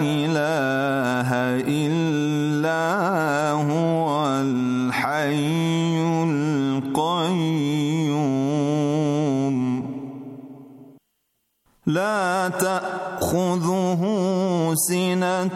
إله إلا هو الحي القيوم لا تأخذه سنة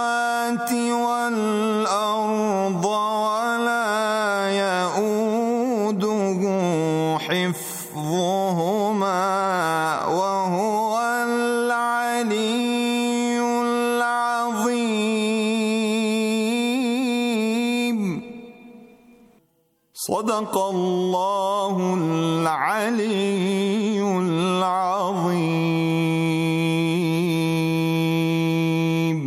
العلي العظيم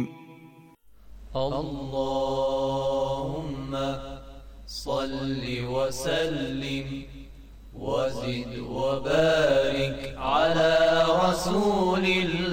اللهم صل وسلم وزد وبارك على رسول الله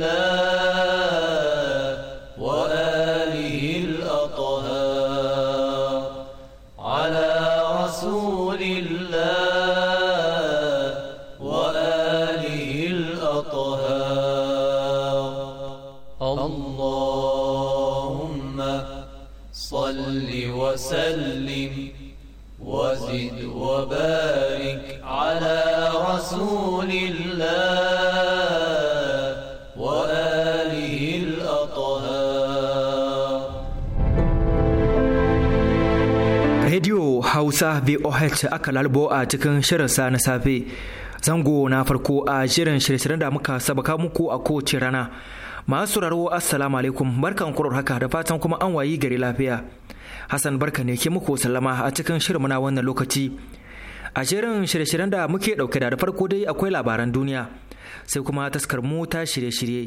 Hausa VOH aka lalbo a cikin shirinsa na safe. Zango na farko a shirin shirye-shiryen da muka sabaka muku a kowace rana. Masu raro Assalamu alaikum barkan kurar haka da fatan kuma an wayi gari lafiya. Hassan barka ne ke muku sallama a cikin shirin na wannan lokaci. A shirin shirye-shiryen da muke dauke da farko dai akwai labaran duniya sai kuma taskar mu ta shirye-shirye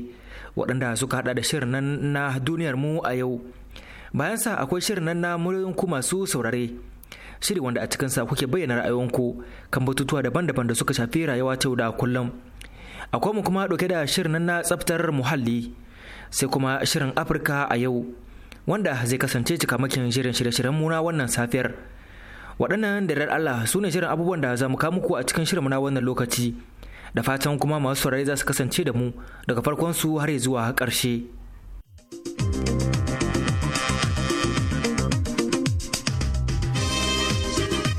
waɗanda suka haɗa da shirin nan na duniyar mu a yau. Bayan sa akwai shirin nan na muryoyin ku masu saurare shiri wanda a cikinsa kuke bayyana ra'ayoyinku kan batutuwa daban-daban da suka shafi rayuwa ta yau da kullum. Akwai mu kuma dauke da shirin na tsaftar muhalli sai kuma shirin Afirka a yau wanda zai kasance cikamakin shirin shirye-shiryen muna wannan safiyar. Waɗannan da Allah su ne shirin abubuwan da za mu kawo muku a cikin shirin na wannan lokaci da fatan kuma masu saurari za su kasance da mu daga farkon su har zuwa ƙarshe.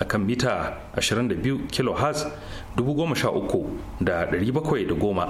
a kan mita 22 kHz 13710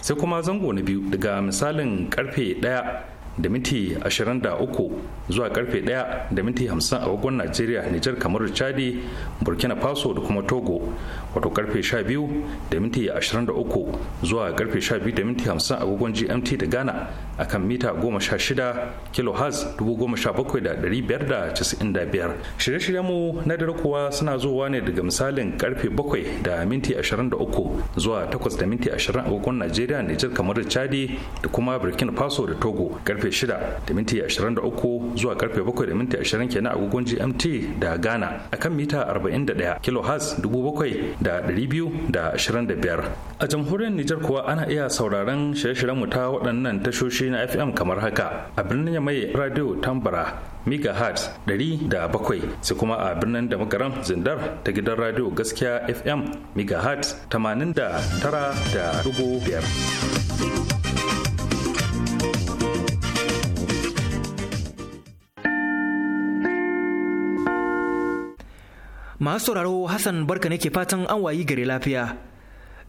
sai kuma zango na biyu daga misalin karfe 1 da minti 23 zuwa karfe 1 da minti 50 a wagon Najeriya, Nijar, kamar Chadi, Burkina Faso da kuma Togo wato karfe 12 da minti 23 zuwa karfe 12 da minti 50 agogon gmt da ghana a kan mita 16 kilohertz 17,595 shirye-shiryen mu na dare kuwa suna zuwa ne daga misalin karfe 7 da minti 23 zuwa 8 da minti 20 agogon najeriya nijar kamar chadi da kuma burkina faso da togo karfe 6 da minti 23 zuwa karfe 7 da minti 20 kenan agogon gmt da ghana a kan mita 41 kilohertz 7,000 da biyu da 225 a jamhuriyar Nijar kuwa ana iya sauraron shirye-shiryen mu ta waɗannan tashoshi na FM kamar haka a birnin mai radio Tambara da bakwai sai kuma a birnin da magaram zindar ta gidan radio gaskiya FM megahertz 89.5 masu sauraro Hassan barka ne ke fatan an wayi gari lafiya.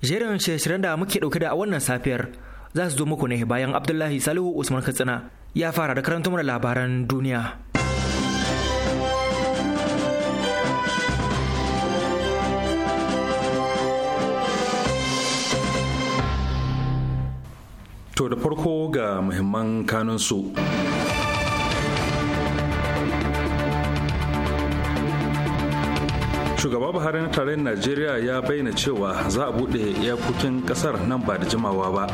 Jerin shirin da muke dauke da a wannan safiyar za su zo muku ne bayan Abdullahi Salihu Usman Katsina ya fara da karanta mana labaran duniya. To da farko ga muhimman kanunsu. su. shugaba buhari na tarayyar najeriya ya bayyana cewa za a buɗe iyakokin ƙasar nan ba da jimawa ba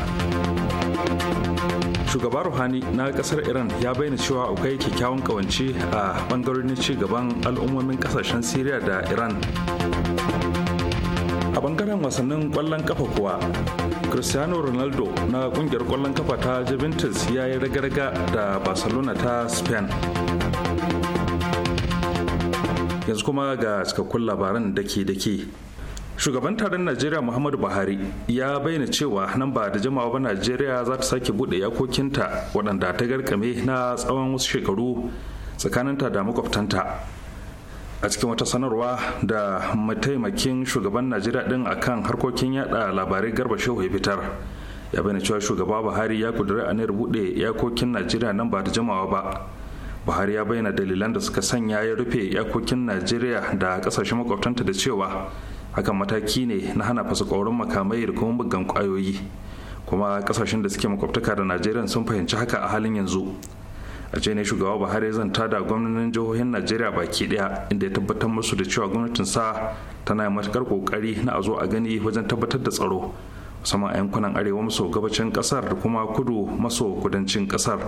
shugaba ruhani na kasar iran ya bayyana cewa akwai kyakkyawan ƙawance a bangarorin ci gaban al'ummomin kasashen syria da iran a bangaren wasannin kwallon kafa kuwa cristiano ronaldo na kungiyar kwallon kafa ta juventus ya yi raga da barcelona ta spain yanzu kuma ga cikakkun labaran da ke da ke shugaban taron najeriya muhammadu buhari ya bayyana cewa nan ba da jama'a ba najeriya za ta sake bude yakokinta waɗanda ta garkame na tsawon wasu shekaru tsakaninta da makwabtanta a cikin wata sanarwa da mataimakin shugaban najeriya din akan harkokin yada labarai garba shehu ya fitar ya bayyana cewa shugaba buhari ya kudura aniyar bude yakokin najeriya nan ba da jamawa ba buhari ya bayyana dalilan da suka sanya ya rufe yakokin najeriya da kasashen makwabtanta da cewa hakan mataki ne na hana fasakorin makamai da kuma bugan kwayoyi kuma kasashen da suke makwabtaka da najeriya sun fahimci haka a halin yanzu a ce ne shugaba buhari zan da gwamnonin jihohin najeriya baki daya inda ya tabbatar musu da cewa gwamnatin sa tana matukar kokari na a zo a gani wajen tabbatar da tsaro musamman a yankunan arewa maso gabacin kasar da kuma kudu maso kudancin kasar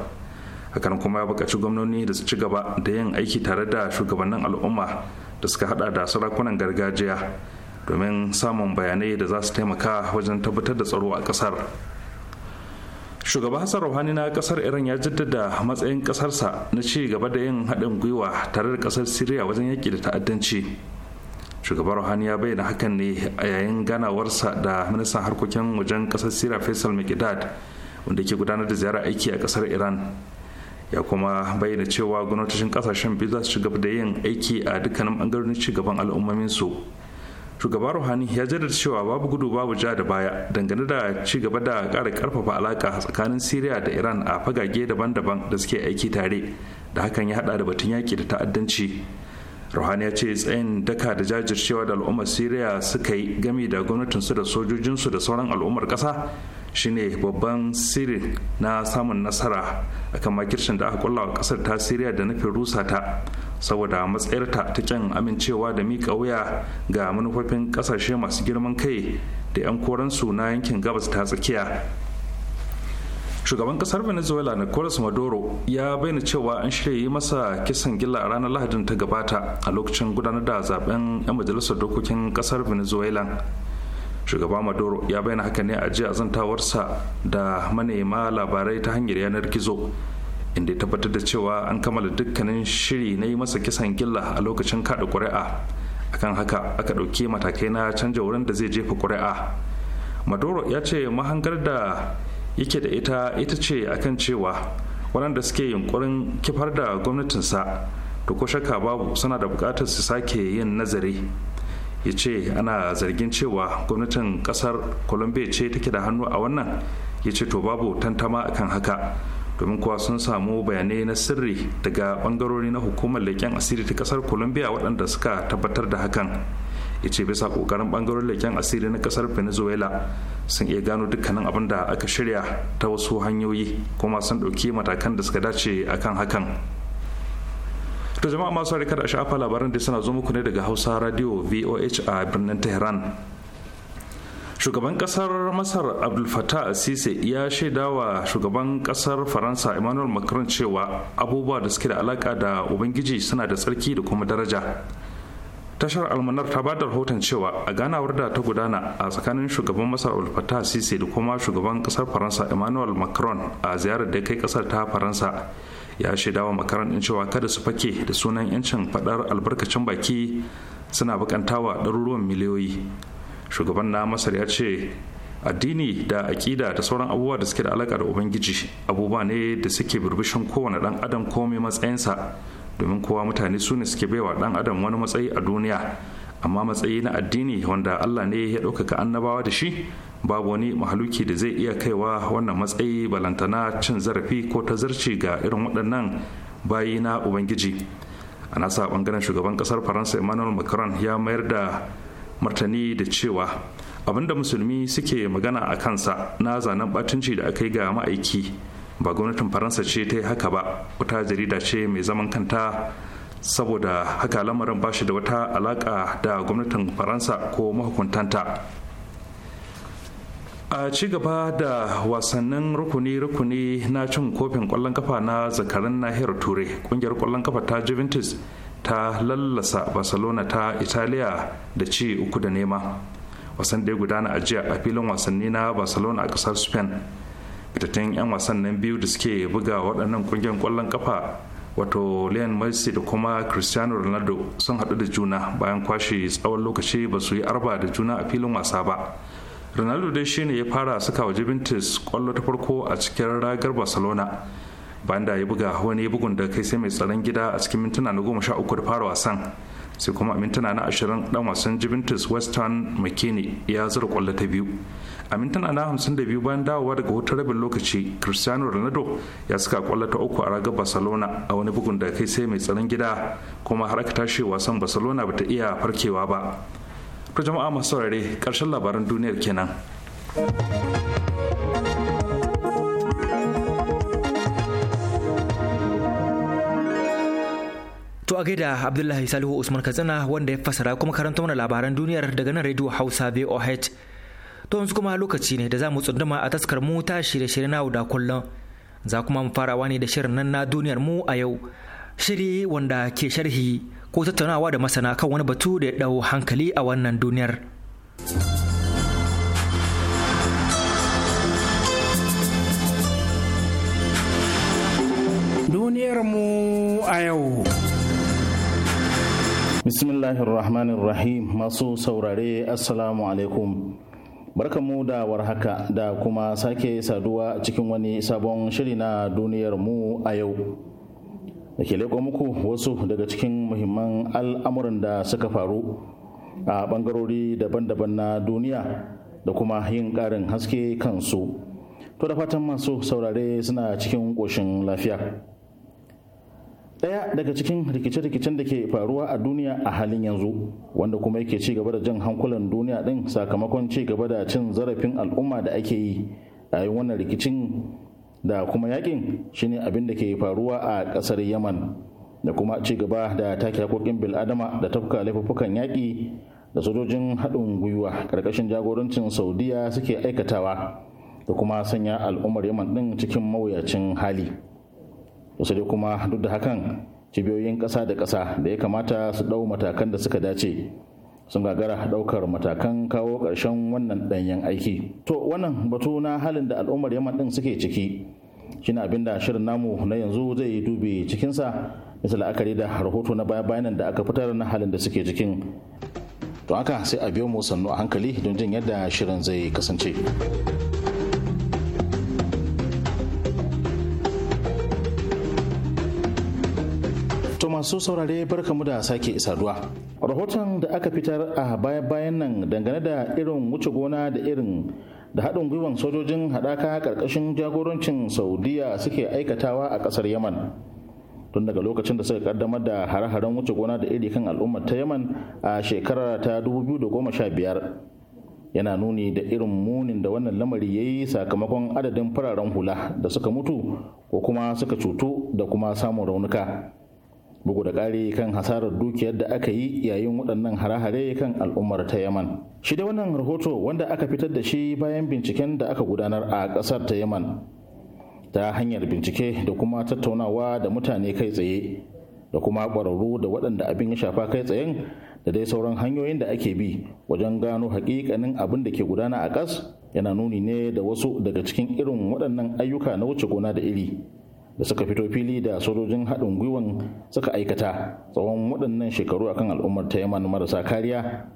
hakan kuma ya bukaci gwamnoni da su ci gaba da yin aiki tare da shugabannin al'umma da suka hada da sarakunan gargajiya domin samun bayanai da za su taimaka wajen tabbatar da tsaro a kasar shugaba hassan ruhani na kasar iran ya jaddada matsayin kasarsa na ci gaba da yin haɗin gwiwa tare da kasar siriya wajen yaƙi da ta'addanci shugaba ruhani ya bayyana hakan ne a yayin ganawarsa da ministan harkokin wajen kasar siriya faisal mikdad wanda ke gudanar da ziyarar aiki a kasar iran ya kuma bayyana cewa gwamnatocin kasashen biyu za su ci gaba da yin aiki a dukkanin bangarorin ci gaban al'ummomin su shugaba ruhani ya jaddada cewa babu gudu babu ja da baya dangane da ci gaba da ƙara ƙarfafa alaka tsakanin syria da iran a fagage daban-daban da suke aiki tare da hakan ya hada da batun yaƙi da ta'addanci ruhani ya ce tsayin daka da jajircewa da al'ummar syria suka yi game da gwamnatinsu da sojojinsu da sauran al'ummar ƙasa shine babban sirri na samun nasara akan makircin da aka kulla wa kasar ta siriya da nufin rusa ta saboda matsayarta ta kyan amincewa da miƙa wuya ga manufofin ƙasashe masu girman kai da 'yan koransu na yankin gabas ta tsakiya shugaban kasar venezuela nicolas maduro ya bayyana cewa an shirya yi masa kisan gilla a ranar lahadin ta gabata a lokacin gudanar da zaben 'yan majalisar dokokin kasar venezuela shugaba maduro ya bayyana haka ne a jiya zantawarsa da manema labarai ta hanyar yanar gizo inda ya tabbatar da cewa an kammala dukkanin shiri na yi masa kisan gilla a lokacin kada ƙuri'a akan haka aka ɗauki matakai na canja wurin da zai jefa ƙuri'a maduro ya ce mahangar da yake da ita ita ce akan cewa waɗanda suke yunkurin kifar da gwamnatinsa da ko shakka babu suna da buƙatar su sake yin nazari ya ce ana zargin cewa gwamnatin kasar colombia ce take da hannu a wannan ya ce to babu tantama akan haka domin kuwa sun samu bayanai na sirri daga bangarori na hukumar leƙen asiri ta kasar colombia waɗanda suka tabbatar da hakan ya ce bisa ƙoƙarin bangarorin leƙen asiri na kasar venezuela sun iya gano dukkanin abin da aka shirya ta wasu hanyoyi kuma sun ɗauki matakan da suka dace akan hakan to jama'a masu kada a shafa labaran da suna zo muku ne daga hausa radio voh a birnin tehran shugaban kasar masar abdul fattah sise ya shaida wa shugaban kasar faransa emmanuel macron cewa abubuwa da suke da alaka da ubangiji suna da tsarki da kuma daraja tashar almanar ta bada rahoton cewa a ganawar da ta gudana a tsakanin shugaban masar al-fattah sise da kuma shugaban kasar faransa emmanuel macron a ziyarar da kai kasar ta faransa ya shaidawa wa cewa kada su fake da sunan yancin faɗar albarkacin baki suna bukantawa ɗaruruwan miliyoyi shugaban na masar ya ce addini da aƙida da sauran abubuwa da suke da alaƙa da ubangiji abubuwa ne da suke birbishin kowane ɗan adam komai matsayinsa domin kowa mutane su ne suke baiwa ɗan adam wani matsayi a duniya amma matsayi na addini wanda allah ne ya ɗaukaka annabawa da shi babu wani mahaluki da zai iya kaiwa wannan matsayi balantana cin zarafi ko ta zarci ga irin waɗannan bayi na ubangiji a nasa bangaren shugaban ƙasar faransa emmanuel macron ya mayar da martani da cewa abinda musulmi suke magana a kansa na zanen batunci da aka yi ga ma'aiki ba gwamnatin faransa ce ta yi haka ba wata jarida ce mai zaman kanta saboda haka lamarin ba shi da wata alaka da gwamnatin faransa ko mahukuntanta a ci gaba da wasannin rukuni-rukuni na cin kofin kwallon kafa na zakarin nahiyar turai kungiyar kwallon kafa ta juventus ta lallasa barcelona ta italiya da ci uku da nema wasan da ya gudana a jiya a filin wasanni na barcelona a kasar spain fitattun 'yan wasan biyu da suke buga waɗannan kungiyar kwallon kafa wato leon messi da kuma cristiano ronaldo sun haɗu da juna bayan kwashe tsawon lokaci ba su yi arba da juna a filin wasa ba ronaldo dai shine ya fara suka wa juventus kwallo ta farko a cikin ragar barcelona bayan da ya buga wani bugun da kai sai mai tsaron gida a cikin mintuna na goma sha uku da fara wasan sai kuma a mintuna na ashirin dan wasan juventus western mckinney ya zura kwallo ta biyu a mintuna na hamsin da biyu bayan dawowa daga hutun rabin lokaci cristiano ronaldo ya saka kwallo ta uku a ragar barcelona a wani bugun da kai sai mai tsaron gida kuma har aka tashi wasan barcelona bata iya farkewa ba ku jama'a masu saurare karshen labaran duniyar kenan To a gaida Abdullahi Salihu Usman Katsina wanda ya fasara kuma karanta mana labaran duniyar daga nan Radio Hausa VOH. To yanzu kuma lokaci ne da za mu tsunduma a taskar mu ta shirye-shirye na da kullum. Za kuma mu farawa ne da shirin nan na duniyar mu a yau. Shiri wanda ke sharhi ko tattaunawa da masana kan wani batu da ya ɗau hankali a wannan duniyar. Duniyarmu a yau. Bismillahirrahmanirrahim masu saurare Assalamu alaikum. Barkanmu da warhaka da kuma sake saduwa cikin wani sabon shiri na duniyarmu a yau. da ke leƙo muku wasu daga cikin muhimman al'amuran da suka faru a ɓangarori daban-daban na duniya da kuma yin ƙarin haske kansu to da fatan masu saurare suna cikin ƙoshin lafiya ɗaya daga cikin rikice-rikicen da ke faruwa a duniya a halin yanzu wanda kuma yake ci gaba da jan hankulan duniya ɗin sakamakon ci gaba da cin zarafin al'umma da ake yi a yi wannan rikicin da kuma yakin shine abin da ke faruwa a kasar yaman da kuma ci gaba da take hakokin bil'adama da tafka laifuffukan yaƙi da sojojin haɗin gwiwa ƙarƙashin jagorancin saudiya suke aikatawa da kuma sanya al'ummar yaman ɗin cikin mawuyacin hali wasu dai kuma duk da hakan cibiyoyin ƙasa da ƙasa da ya kamata su ɗau matakan da suka dace sun gagara daukar matakan kawo ƙarshen wannan ɗanyen aiki to wannan batu na halin da al'ummar yaman ɗin suke ciki shine abinda shirin namu na yanzu zai dubi cikinsa misali la'akari da rahoto na baya bayanan da aka fitar na halin da suke cikin to haka sai a biyo mu sannu a hankali don jin yadda shirin zai kasance masu saurare barkamu da sake saduwa. Rahoton da aka fitar a baya-bayan nan dangane da irin wuce gona da irin da haɗin gwiwan sojojin haɗaka ƙarƙashin jagorancin Saudiya suke aikatawa a ƙasar Yaman. Tun daga lokacin da suka kaddamar da hare-haren wuce gona da iri kan al'ummar ta Yaman a shekarar ta 2015. yana nuni da irin munin da wannan lamari ya yi sakamakon adadin fararen hula da suka mutu ko kuma suka cutu da kuma samun raunuka bugu da ƙari kan hasarar dukiyar da aka yi yayin waɗannan hare-hare kan al'ummar ta yaman shi da wannan rahoto wanda aka fitar da shi bayan binciken da aka gudanar a ƙasar ta yaman ta hanyar bincike da kuma tattaunawa da mutane kai tsaye da kuma ƙwararru da waɗanda abin ya shafa kai tsayen da dai sauran hanyoyin da ake bi wajen gano haƙiƙanin abin da ke gudana a ƙas yana nuni ne da wasu daga cikin irin waɗannan ayyuka na wuce gona da iri da suka fito fili da sojojin haɗin gwiwan suka aikata tsawon waɗannan shekaru akan al'ummar ta yaman marasa kariya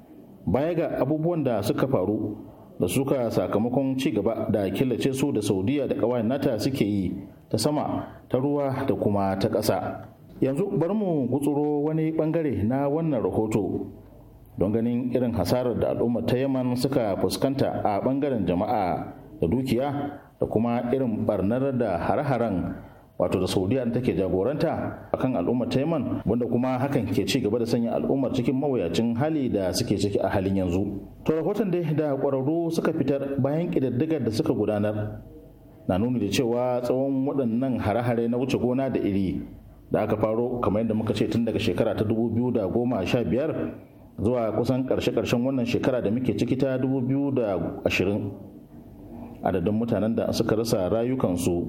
baya ga abubuwan da suka faru da suka sakamakon ci gaba da killace su da saudiya da ƙawayen nata suke yi ta sama ta ruwa da kuma ta ƙasa yanzu bari mu gutsuro wani ɓangare na wannan rahoto don ganin irin hasarar da al'ummar ta yaman suka fuskanta a ɓangaren jama'a da dukiya da kuma irin barnar da hare-haren wato da saudiya da take jagoranta akan al'ummar taiman wanda kuma hakan ke ci gaba da sanya al'ummar cikin mawuyacin hali da suke ciki a halin yanzu to rahoton dai da kwararru suka fitar bayan kididdigar da suka gudanar na nuni da cewa tsawon waɗannan hare-hare na wuce gona da iri da aka faro kamar yadda muka ce tun daga shekara ta dubu biyu da goma sha biyar zuwa kusan karshe-karshen wannan shekara da muke ciki ta dubu biyu da ashirin adadin mutanen da suka rasa rayukansu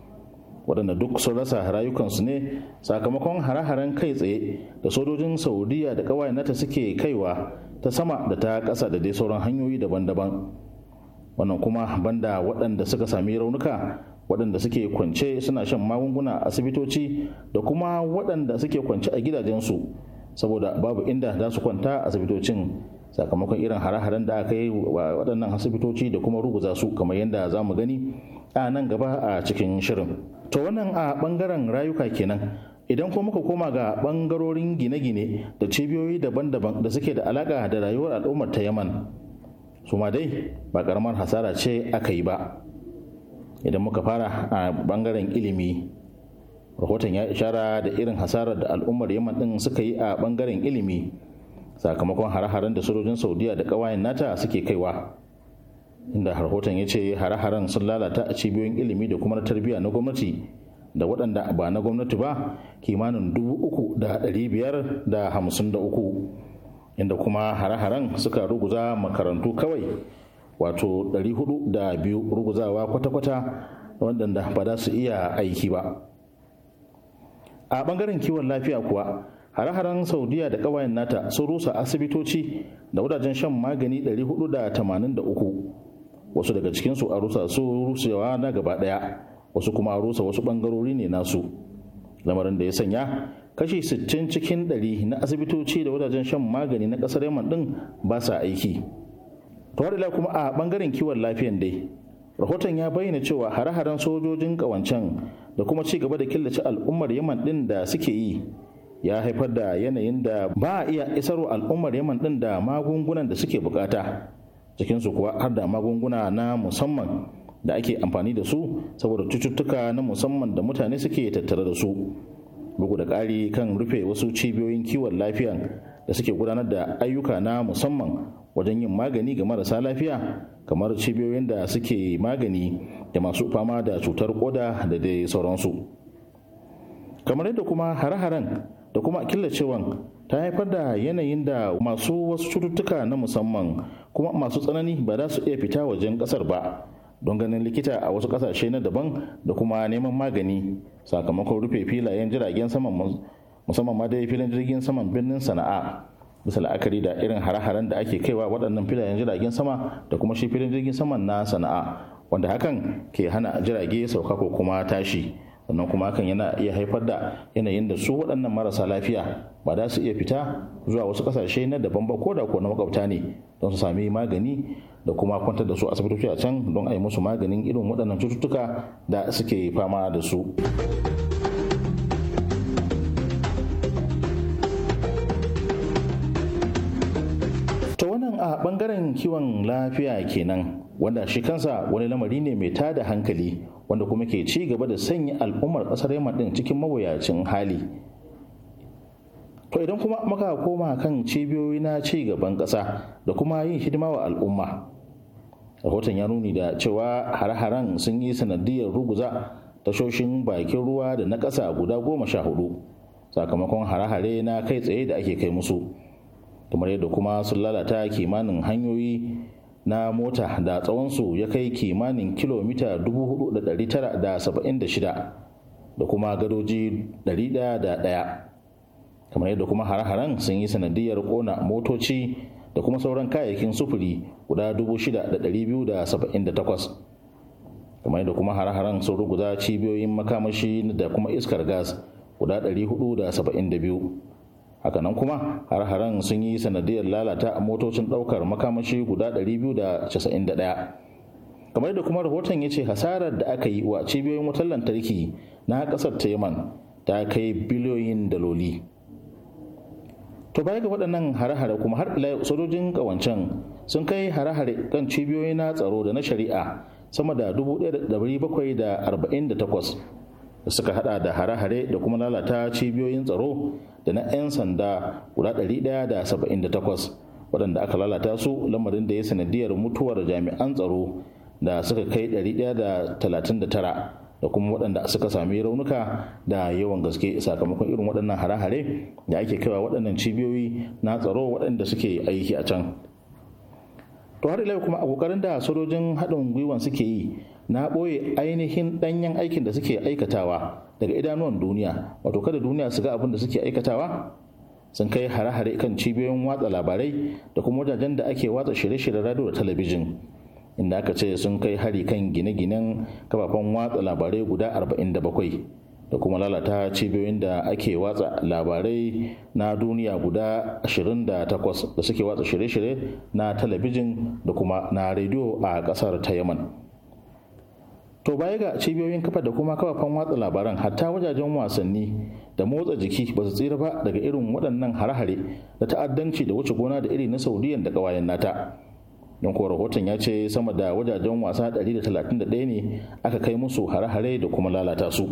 waɗanda duk sun rasa rayukansu ne sakamakon hare-haren kai tsaye da sojojin saudiya da ƙawayen nata suke kaiwa ta sama da ta ƙasa da dai sauran hanyoyi daban-daban wannan kuma banda waɗanda suka sami raunuka waɗanda suke kwance suna shan magunguna asibitoci da kuma waɗanda suke kwance a gidajensu saboda babu inda za su kwanta asibitocin sakamakon irin hare-haren da aka yi waɗannan asibitoci da kuma ruguza su kamar yadda za mu gani a nan gaba a cikin shirin. to wannan a bangaren rayuka kenan idan ko muka koma ga bangarorin gine-gine da cibiyoyi daban-daban da suke da alaka da rayuwar al'ummar ta yaman su ma dai ba karamar hasara ce aka yi ba idan muka fara a bangaren ilimi rahoton ya ishara da irin hasarar da al'ummar yaman din suka yi a bangaren ilimi sakamakon hare-haren da sojojin saudiya da ƙawayen nata suke kaiwa inda rahoton ya ce hare-haren sun lalata a cibiyoyin ilimi da kuma na tarbiyya na gwamnati da waɗanda ba na gwamnati ba kimanin dubu uku da ɗari biyar da hamsin da uku inda kuma hare-haren suka ruguza makarantu kawai wato ɗari hudu da biyu ruguzawa kwata-kwata waɗanda ba za su iya aiki ba a ɓangaren kiwon lafiya kuwa hare-haren saudiya da ƙawayen nata sun rusa asibitoci da wadajen shan magani da 483 wasu daga cikinsu a rusa su rusewa na gaba ɗaya wasu kuma a rusa wasu bangarori ne nasu lamarin da ya sanya kashi 60 cikin 100 na asibitoci da wajajen shan magani na ƙasar yaman ɗin ba sa aiki to har ila kuma a ɓangaren kiwon lafiyan dai rahoton ya bayyana cewa hare-haren sojojin ƙawancen da kuma ci gaba da killace al'ummar yaman ɗin da suke yi ya haifar da yanayin da ba a iya isarwa al'ummar yaman din da magungunan da suke bukata cikinsu kuwa har da magunguna na musamman da ake amfani da su saboda cututtuka na musamman da mutane suke tattare da su bugu da ƙari kan rufe wasu cibiyoyin kiwon lafiya da suke gudanar da ayyuka na musamman wajen yin magani ga marasa lafiya kamar cibiyoyin da suke magani da masu fama da cutar koda da dai sauransu kamar yadda kuma hare-haren da kuma killacewan ta haifar da yanayin da masu wasu cututtuka na musamman kuma masu tsanani ba za su iya fita wajen kasar ba don ganin likita a wasu kasashe na daban da kuma neman magani sakamakon rufe filayen jiragen saman musamman ma dai filin jirgin saman birnin sana'a bisa la'akari da irin hare-haren da ake kaiwa waɗannan filayen jiragen sama da kuma shi filin jirgin saman na sana'a wanda hakan ke hana jirage sauka ko kuma tashi. sannan kuma hakan yana iya haifar da yanayin da su waɗannan marasa lafiya ba za su iya fita zuwa wasu ƙasashe na daban ba ko da ko na makwabta ne don su sami magani da kuma kwantar da su asibitoci a can don a yi musu maganin irin waɗannan cututtuka da suke fama da su. bangaren kiwon lafiya kenan wanda shi kansa wani lamari ne mai tada hankali wanda kuma ke ci gaba da sanya al'ummar kasar yamma din cikin mawuyacin hali to idan kuma muka koma kan cibiyoyi na ci gaban ƙasa da kuma yin hidima wa al'umma rahoton ya nuni da cewa har-haren sun yi sanadiyar ruguza tashoshin bakin ruwa da na ƙasa guda goma sha hudu sakamakon har hare na kai tsaye da ake kai musu kamar yadda kuma sun lalata kimanin hanyoyi na mota da tsawonsu ya kai kimanin kilomita 4,976 da kuma gadoji 101 kamar yadda kuma har-haren sun yi sanadiyar kona motoci da kuma sauran kayayyakin sufuri guda 6,278 kamar yadda kuma har-haren sun ruguza cibiyoyin makamashi da kuma iskar gas guda 472 hakanan kuma har-haren sun yi sanadiyar lalata a motocin daukar makamashi guda 291 kamar da kuma rahoton ya ce hasarar da aka yi wa cibiyoyin wutar lantarki na kasar ta yaman ta kai biliyoyin daloli to baya ga waɗannan hare-hare kuma har ila sojojin ƙawancen sun kai hare-hare kan cibiyoyi na tsaro da na shari'a sama da 1748 da suka hada da hare-hare da kuma lalata cibiyoyin tsaro da na 'yan sanda guda 178 waɗanda aka lalata su lamarin da ya sanadiyar mutuwar jami'an tsaro da suka kai 139 da kuma waɗanda suka sami raunuka da yawan gaske sakamakon irin waɗannan hare-hare da ake kaiwa waɗannan cibiyoyi na tsaro waɗanda suke aiki a can. to har ila kuma a kokarin da sojojin haɗin gwiwan suke yi na ɓoye ainihin ɗanyen aikin da suke aikatawa daga idanuwan duniya wato kada duniya su ga abin da suke aikatawa sun kai hare-hare kan cibiyoyin watsa labarai da kuma wajajen da ake watsa shirye-shiryen radio da talabijin inda aka ce sun kai hari kan gine-ginen kafafen watsa labarai guda 47 da kuma lalata cibiyoyin da ake watsa labarai na duniya guda 28 da suke watsa shirye-shirye na talabijin da kuma na rediyo a kasar ta yaman to baya ga cibiyoyin kafa da kuma kafafen watsa labaran hatta wajajen wasanni da motsa jiki ba su tsira ba daga irin waɗannan hare-hare da ta'addanci da wuce gona da iri na saudiyan da ƙawayen nata don kuwa rahoton ya ce sama da wajajen wasa 131 ne aka kai musu hare-hare da kuma lalata su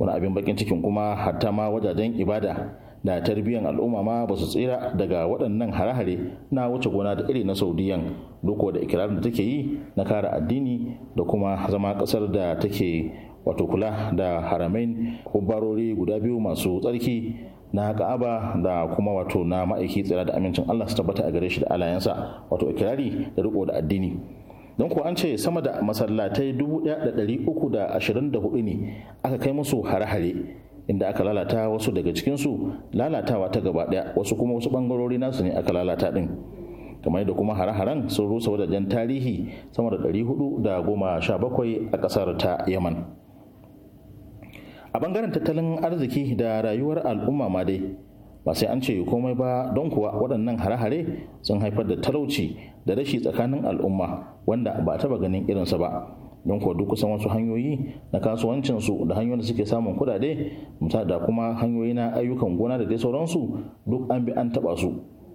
wani abin bakin cikin kuma hatta ma wajajen ibada da tarbiyyar al'umma ma ba su tsira daga waɗannan hare-hare na wuce gona da iri na saudiyan doko da ikirarin da take yi na kare addini da kuma zama ƙasar da take wato kula da haramain kubarori guda biyu masu tsarki na ka'aba da kuma wato na ma'aiki tsira da amincin allah su tabbata a gare shi da alayansa wato ikirari da riko da addini don kuwa an ce sama da masallatai 1324 ne aka kai musu hare-hare inda aka lalata wasu daga cikinsu lalatawa ta gaba ɗaya wasu kuma wasu ɓangarori nasu ne aka lalata din, kamar da kuma hare-haren sun rusa wajajen tarihi sama da da goma sha bakwai a ƙasar ta yaman a bangaren tattalin arziki da rayuwar al'umma ma dai ba sai an ce komai ba don kuwa waɗannan hare-hare sun haifar da talauci da rashi tsakanin al'umma wanda ba taɓa ganin irinsa ba don kuwa duk kusan wasu hanyoyi na kasuwancinsu da hanyoyin da suke samun kudade musa da kuma hanyoyi na ayyukan gona da dai sauransu duk an bi an taɓa su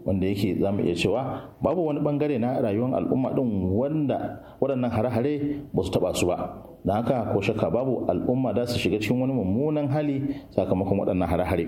wanda yake za mu iya cewa babu wani bangare na rayuwar al'umma din wanda waɗannan hare-hare ba su taɓa su ba don haka ko shakka babu al'umma da su shiga cikin wani mummunan hali sakamakon waɗannan hare-hare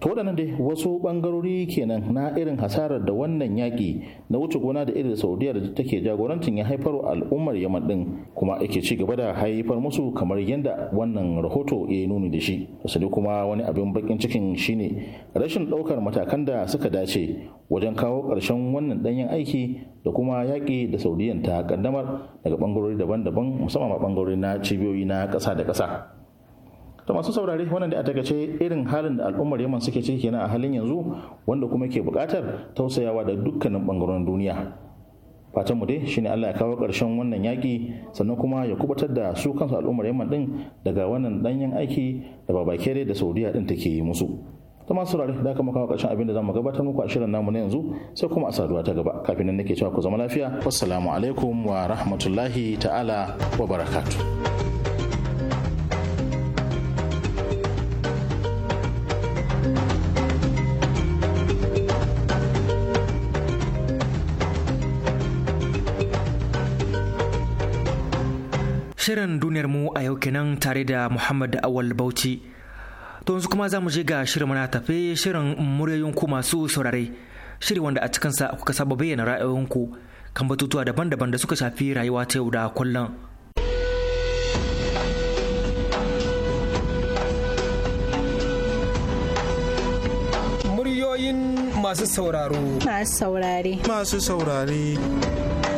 to waɗannan dai wasu ɓangarori kenan na irin hasarar da wannan yaƙi na wuce gona da irin saudiya da take jagorancin ya haifar al'ummar yaman ɗin kuma ake ci gaba da haifar musu kamar yadda wannan rahoto ya nuni da shi sai kuma wani abin bakin cikin shine rashin ɗaukar matakan da suka dace wajen kawo ƙarshen wannan ɗanyen aiki da kuma yaƙi da saudiyan ta kaddamar daga bangarori daban-daban musamman bangarori na cibiyoyi na ƙasa da ƙasa to masu saurari, wannan da a takaice irin halin da al'ummar yaman suke ciki kenan a halin yanzu wanda kuma ke bukatar tausayawa da dukkanin bangaren duniya fatan mu dai shine Allah ya kawo ƙarshen wannan yaki sannan kuma ya kubatar da su kansu al'ummar yaman din daga wannan danyen aiki da babakere da saudiya din take yi musu ta masu saurare da aka kawo ƙarshen abin da zamu gabatar muku a shirin namu na yanzu sai kuma a saduwa ta gaba kafin nan nake cewa ku zama lafiya assalamu alaikum wa rahmatullahi ta'ala wa barakatu. Shirin duniyar mu a yau kenan tare da Muhammad Awal Bauchi. To yanzu kuma za mu je ga shirin muna tafe shirin muryoyin ku masu saurare. Shiri wanda a cikinsa kuka saba bayyana ra'ayoyinku kan batutuwa daban-daban da suka shafi rayuwa ta yau da kullum. Muryoyin masu sauraro. Masu saurare. Masu saurare.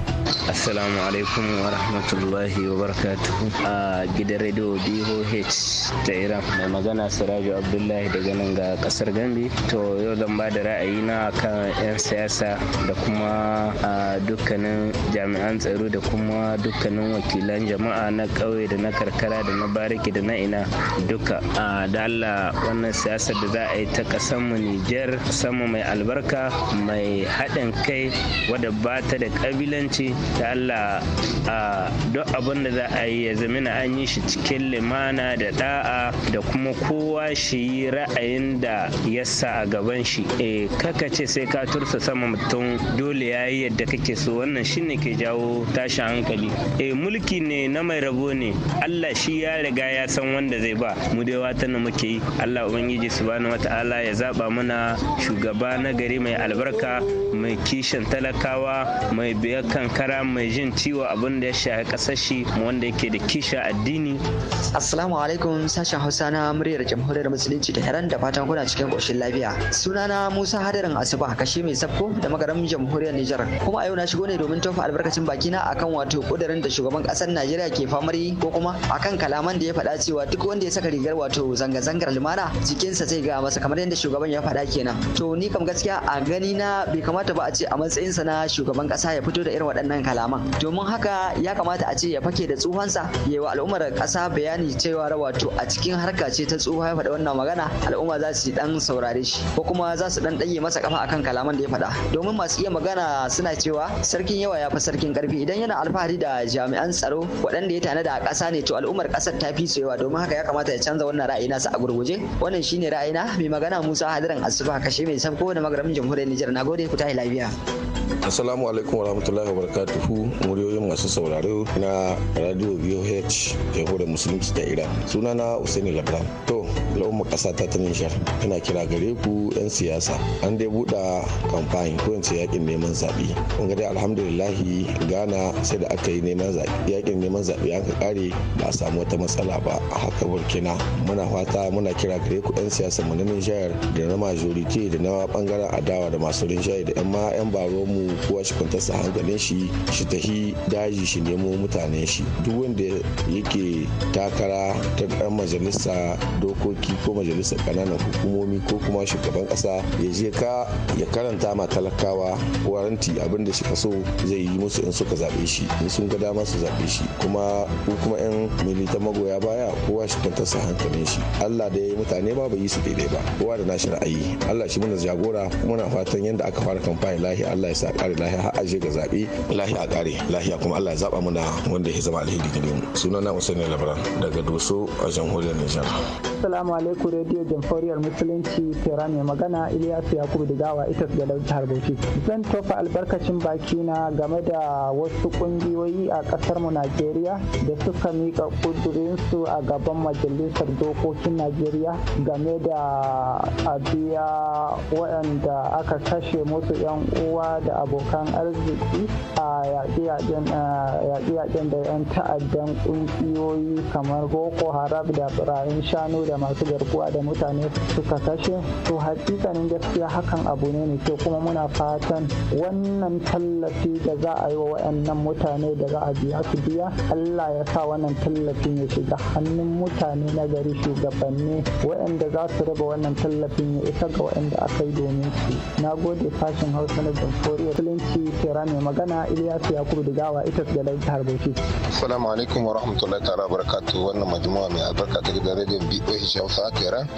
assalamu alaikum wa rahmatullahi wa barakatuhu a gidan radio boh ta iran mai magana siraju abdullahi daga nan ga kasar gambi to yau zan ba da ra'ayi na kan 'yan siyasa da kuma dukkanin jami'an tsaro da kuma dukkanin wakilan jama'a na ƙauye da na karkara da na bariki da na ina duka da allah wannan siyasar da za a yi ta ƙasar mu nijar sama mai albarka mai haɗin kai wadda ba ta da ƙabilanci da Allah duk abin da za a yi ya zamana an yi shi cikin limana da da'a da kuma kowa shi yi ra'ayin da ya sa a gaban shi e eh, kaka ce sai ka tursa sama mutum dole ya yi yadda kake so wannan shine ke jawo tashin hankali e mulki ne na mai rabo ne Allah shi ya riga ya san wanda zai ba mu dai wata na muke yi Allah ubangiji subhanahu wataala ya zaba mana shugaba na gari mai albarka mai kishin talakawa mai biya kankara mai jin ciwo abin da ya shafi ƙasar shi wanda yake da kisha addini. Assalamu alaikum sashen Hausa na muryar Jamhuriyar Musulunci da Iran da fatan kuna cikin ƙoshin lafiya. Sunana Musa Hadarin Asuba kashi mai sabko da magaram Jamhuriyar Nijar. Kuma a yau na shigo ne domin tofa albarkacin bakina akan wato kudirin da shugaban ƙasar Najeriya ke famar yi ko kuma akan kalaman da ya faɗa cewa duk wanda ya saka rigar wato zanga-zangar lumana jikinsa zai ga masa kamar yadda shugaban ya faɗa kenan. To ni kam gaskiya a gani na bai kamata ba a ce a matsayinsa na shugaban ƙasa ya fito da irin waɗannan kalaman domin haka ya kamata a ce ya fake da tsuhansa ya yi wa al'ummar ƙasa bayani cewa wato a cikin harka ce ta tsuha ya faɗa wannan magana al'umma za su dan saurare shi ko kuma za su dan ɗage masa kafa akan kalaman da ya faɗa domin masu iya magana suna cewa sarkin yawa ya fi sarkin ƙarfi idan yana alfahari da jami'an tsaro waɗanda ya tanada a ƙasa ne to al'ummar ƙasar ta fi soyewa domin haka ya kamata ya canza wannan ra'ayi nasa a gurguje wannan shine ra'ayina mai magana Musa Hadiran Asuba kashe mai sabko da magaramin jamhuriyar Nijar nagode ku tahi lafiya Assalamu alaikum wa rahmatullahi wa barakatuhu muryoyin masu sauraro na radio VOH jamhuriyar musulunci ta Iran. Sunana Usaini Labran. To, al'ummar kasa ta ta Nijar Ina kira gare ku 'yan siyasa. An dai buɗa kamfani ko in yaƙin neman zaɓe. Kun ga dai alhamdulillahi gana sai da aka yi neman zaɓe. Yakin neman zaɓe an ka ƙare ba a samu wata matsala ba a haka Burkina. Muna fata muna kira gare ku 'yan siyasa mu na Nijar da na majority da na bangaren adawa da masu rinjaye da 'yan ma 'yan baro mu kowa shi kwantarsa hankalin shi shi tafi daji shi nemo mutane shi duk wanda yake takara ta ɗan majalisa dokoki ko majalisa ƙananan hukumomi ko kuma shugaban ƙasa ya je ka ya karanta ma talakawa waranti abin da shi so zai yi musu in suka zaɓe shi in sun ga dama su zaɓe shi kuma ko kuma 'yan milita magoya baya kowa shi sa hankalin shi Allah da ya yi mutane ba bai yi su daidai ba kowa da nashi ra'ayi Allah shi muna jagora muna fatan yanda aka fara kamfani lahi Allah ya sa Allah ya kare lahiya har aje ga zabe lahiya kare lahiya kuma Allah ya zaba muna wanda ya zama alheri gare mu sunana Usaini Labran daga Doso a jamhuriyar Nijar Assalamu alaikum Radio Jamhuriyar Musulunci Tera mai magana Ilyas Yakubu da gawa ita da Lauci Bauchi. Zan tofa albarkacin baki na game da wasu kungiyoyi a kasar mu Najeriya da suka mika kudurin su a gaban majalisar dokokin Najeriya game da abiya waɗanda aka kashe musu yan uwa da abokan arziki a yaƙi-yaƙen da 'yan ta'addan kungiyoyi kamar Boko Haram da birayin shanu da. da masu garkuwa da mutane suka kashe to hakikanin gaskiya hakan abu ne ne kyau kuma muna fatan wannan tallafi da za a yi wa wayannan mutane da za a biya su biya Allah ya sa wannan tallafin ya shiga hannun mutane na gari shugabanni wa'yanda za su raba wannan tallafin ya isa ga wa'yanda aka yi domin su na gode fashin hausa na jamhuriyar musulunci kira mai magana ilyas yakubu digawa ita ce da jihar assalamu alaikum wa rahmatullahi ta'ala barakatuh wannan majmu'a mai albarka ta gidan rediyon boa BOH Hausa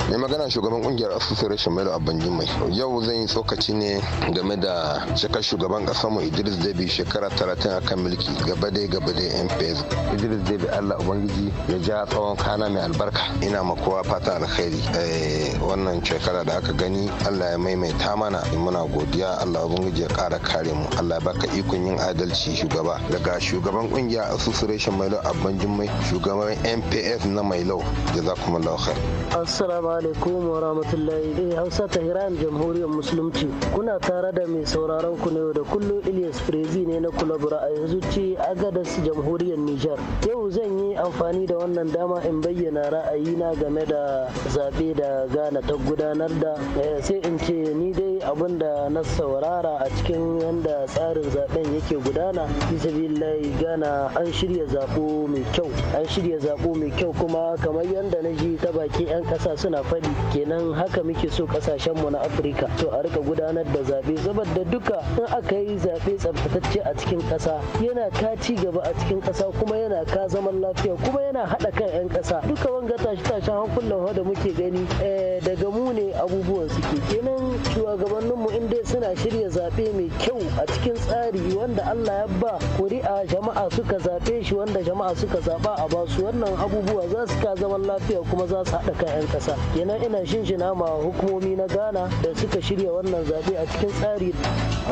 Mai magana shugaban kungiyar asusun rashin mai a mai Yau zan yi tsokaci ne game da cikar shugaban kasar mu Idris dabi shekara talatin a kan mulki gaba dai gaba dai MPS. Idris Deby Allah Ubangiji ya ja tsawon kana mai albarka. Ina ma kowa fata alkhairi. Eh, wannan shekara da aka gani Allah ya maimaita mana muna godiya Allah Ubangiji ya kara kare mu. Allah ya baka ikon yin adalci shugaba. Daga shugaban kungiyar asusun rashin mai a mai shugaban MPS na jaza Jazakumullahu Assalamu alaikum wa rahmatullahi Hausa ta Hiran Jamhuriyar Musulunci. Kuna tare da mai sauraron ku ne da kullum Ilyas Prezi ne na kulabura a yanzu ce Agadas Jamhuriyar Nijar. Yau zan yi amfani da wannan dama in bayyana ra'ayina game da zabe da Ghana ta gudanar da eh, sai in ce ni dai abin da na saurara a cikin yanda tsarin zaben yake gudana bisabillahi Ghana an shirya zabo mai kyau an shirya zabo mai kyau kuma kamar yanda na ji ta bakin 'yan kasa suna faɗi kenan haka muke so ƙasashenmu na afirka to a rika gudanar da zaɓe saboda duka in aka yi zaɓe tsabtatacce a cikin ƙasa yana ka ci gaba a cikin ƙasa kuma yana ka zaman lafiya kuma yana haɗa kan 'yan ƙasa duka wanga tashi tashin hankulan da muke gani eh, daga mu ne abubuwan suke kenan shugabanninmu in dai suna shirya zaɓe mai kyau a cikin tsari wanda Allah ya ba kuri'a jama'a suka zaɓe shi wanda jama'a suka zaɓa a basu wannan abubuwa za su ka zaman lafiya kuma za su haɗa kan 'yan ƙasa kenan ina shinshina ma hukumomi na ghana da suka shirya wannan zaɓe a cikin tsari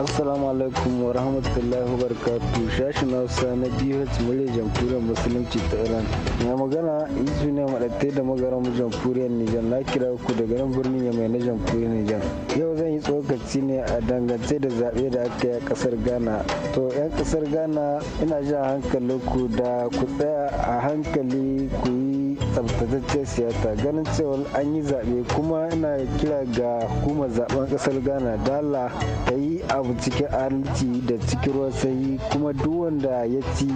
assalamu alaikum wa rahmatullahi wa shashi shashin hausa na bh murya jamhuriyar musulunci ta iran mai magana isu ne maɗatte da magaran jamhuriyar nijar na kira ku daga nan birnin yamai na jamhuriyar nijar yau zan yi tsokaci ne a dangance da zaɓe da aka yi a ƙasar ghana to 'yan ƙasar ghana ina jan ku da ku tsaya a hankali ku yi tsabtataccen siyasa kamata ganin cewa an yi zaɓe kuma ina kira ga hukumar zaben ƙasar ghana dala ta yi abu cikin adalci da cikin ruwan kuma duk wanda ya ci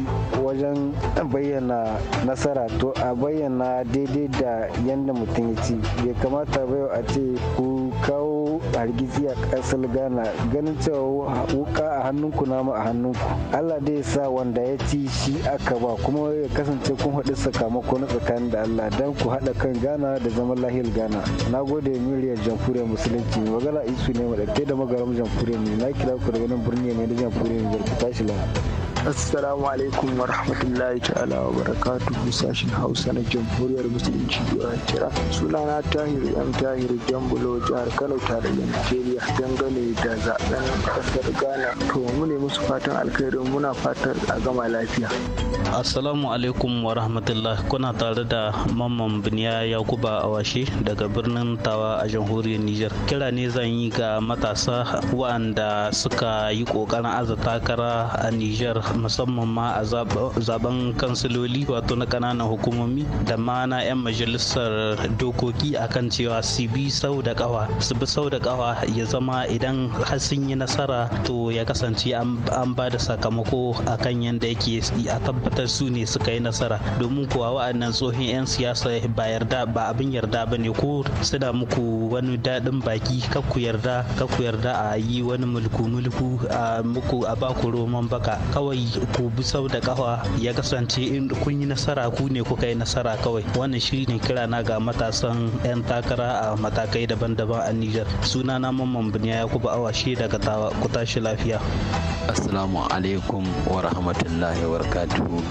wajen bayyana nasara to a bayyana daidai da yadda mutum ya ci bai kamata bai a ce ku kawo hargitsi a ƙasar ghana ganin cewa wuka a hannunku nama a hannunku allah dai sa wanda ya ci shi aka ba kuma ya kasance kun haɗu sakamako na tsakanin da allah dan ku haɗa kan ghana da zaman lahiyar ghana na gode miliyan jamhuriyar musulunci magana isu ne madatte da magaram jamhuriyar ne na kira ku daga nan birni ne da jamhuriyar ne ku tashi lafiya Assalamu alaikum wa rahmatullahi ta'ala wa barakatu sashen Hausa na Jamhuriyar Musulunci a Tira. Sunana Tahir M Tahir Jambulo jihar Kano tare da Najeriya dangane da zaben kasar Ghana. To mu ne musu fatan alkhairi muna fatan a gama lafiya. Assalamu alaikum wa rahmatullahi kuna tare da Mamman Biniya Yakuba Awashe daga birnin Tawa a Jamhuriyar Nijar. Kira ne zan yi ga matasa waɗanda suka yi ƙoƙarin aza takara a Nijar musamman ma a zaben kansiloli wato na ƙananan hukumomi da ma na 'yan majalisar dokoki akan cewa su bi sau da kawa su bi sau da kawa ya zama idan har sun yi nasara to ya kasance an ba da sakamako akan yadda yake a tabbatar su ne suka yi nasara domin kuwa wa'annan tsohon 'yan siyasa ba yarda ba abin yarda ba ne ko suna muku wani daɗin baki kakku yarda ku yarda a yi wani mulku mulku a muku a baku roman baka kawai ku bi sau da kafa ya kasance in kun yi nasara ku ne kuka yi nasara kawai wannan shi ne kira na ga matasan 'yan takara a matakai daban-daban a Nijar na mamman biniya ya kuba awa shi daga tawa ku tashi lafiya assalamu alaikum wa rahmatullahi wa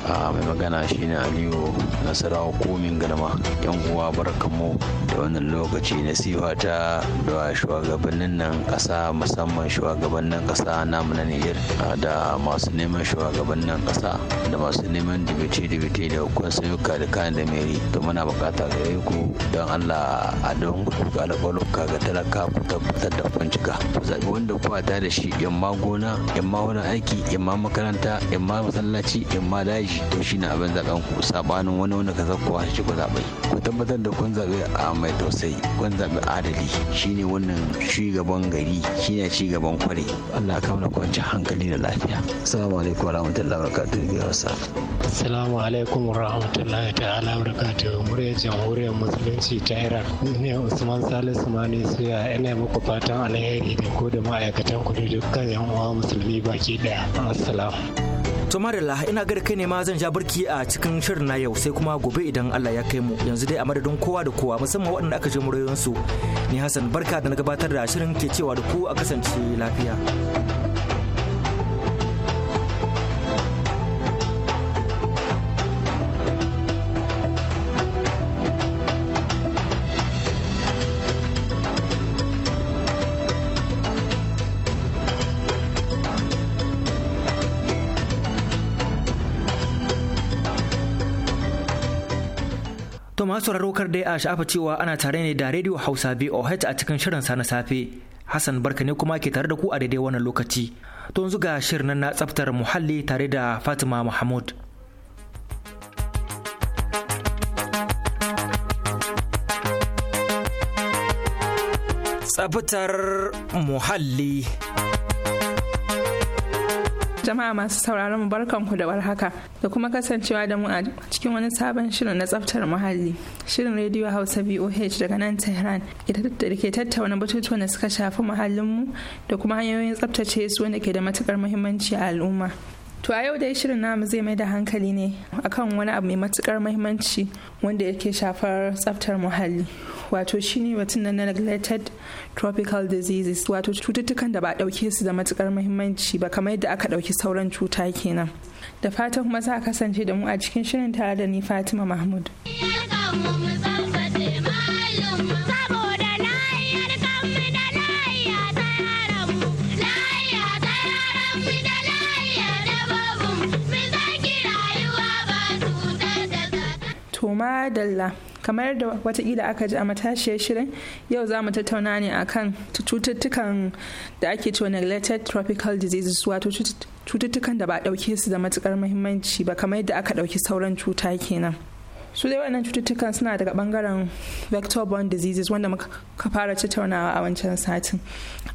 a mai magana shine aliyu nasarawa komin galma yan uwa barkamu da wannan lokaci na siwa ta da shugabannin nan kasa musamman shugabannin kasa namu na niger da masu neman shugabannin shugabannin ƙasa da masu neman dibiti-dibiti da kwansayuka da kayan da meri to muna bukata gare ku don allah a don ku ga ga talaka ku tabbatar da kun cika ku zaɓi wanda ku ta da shi in ma gona in ma wani aiki in ma makaranta in ma masallaci in ma daji to shi na abin zaɓen ku saɓanin wani wanda ka zakkowa shi ku zaɓe ku tabbatar da kun zaɓe a mai tausayi kun zaɓe adali shine wannan shugaban gari shine shugaban kware allah kamar kwanci hankali da lafiya assalamu alaikum alaikum warahmatullahi wabarakatuh biyu wasa assalamu alaikum warahmatullahi ta'ala wabarakatuh murya jamhuriyar musulunci ta iran ne usman salisu mani suya ina muku fatan alheri da ko da ma'aikatan kudu dukkan yan uwa musulmi baki daya assalamu To ina gada kai ne ma zan ja barki a cikin shirin na yau sai kuma gobe idan Allah ya kai mu yanzu dai a madadin kowa da kowa musamman waɗanda aka je murayoyinsu ni Hassan barka da na gabatar da shirin ke cewa da ku a kasance lafiya. To masu sauraro kar dai a sha'afa cewa ana tare ne da Radio Hausa VOH a cikin shirin sa na safe. Hassan barka ne kuma ke tare da ku a daidai wannan lokaci. To yanzu ga shirin na tsaftar muhalli tare da Fatima mahmud Tsaftar muhalli. Jama'a masu sauraron mu ku da warhaka da kuma kasancewa da mu a cikin wani sabon shirin na tsaftar muhalli. Shirin rediyo Hausa boh daga nan Tehran da ke tattauna batutuwan da suka shafi muhallinmu da kuma hanyoyin tsaftace su wanda ke da matukar muhimmanci a al'umma. To a yau dai shirin namu zai mai da hankali ne akan wani abu mai matukar muhimmanci wanda yake shafar tsaftar muhalli wato shine batun na neglected tropical diseases wato cututtukan da ba ɗauke su da matukar muhimmanci ba kamar yadda aka ɗauki sauran cuta kenan da fatan kuma za a kasance da mu a cikin shirin tare da ni fatima mahmud Toma Dalla kamar da watakila aka ji a matashiyar shirin yau za mu tattauna ne akan cututtukan da ake cewa neglected tropical diseases wato cututtukan da ba ɗauke su da matukar muhimmanci ba kamar yadda aka ɗauki sauran cuta kenan su dai wannan cututtukan suna daga bangaren vector borne diseases wanda muka fara tattaunawa a wancan satin